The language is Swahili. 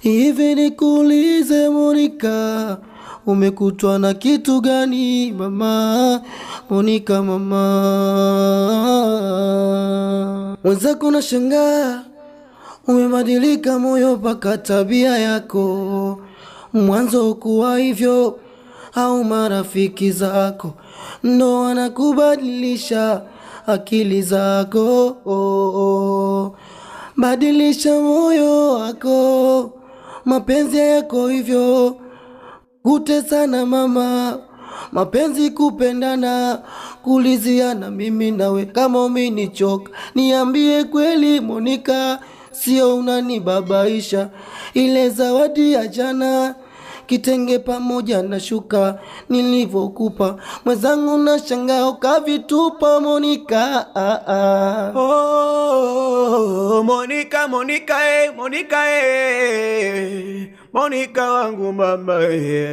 Hivi nikuulize monika umekutwa na kitu gani mama? monika mama, mwenzako na umebadilika moyo mpaka tabia yako. Mwanzo ukuwa hivyo au marafiki zako ndo wanakubadilisha akili zako? Oh, oh. oh. Badilisha moyo wako mapenzi yako hivyo kutesana mama, mapenzi kupendana kuliziana, mimi nawe kama umenichoka, niambie kweli monika sio unanibabaisha. Ile zawadi ya jana kitenge pamoja na shuka nilivyokupa mwenzangu, na shangao kavitupa monika ah, ah. Oh. Oh Monica, Monica, eh, Monica, eh, Monica wangu mama eh.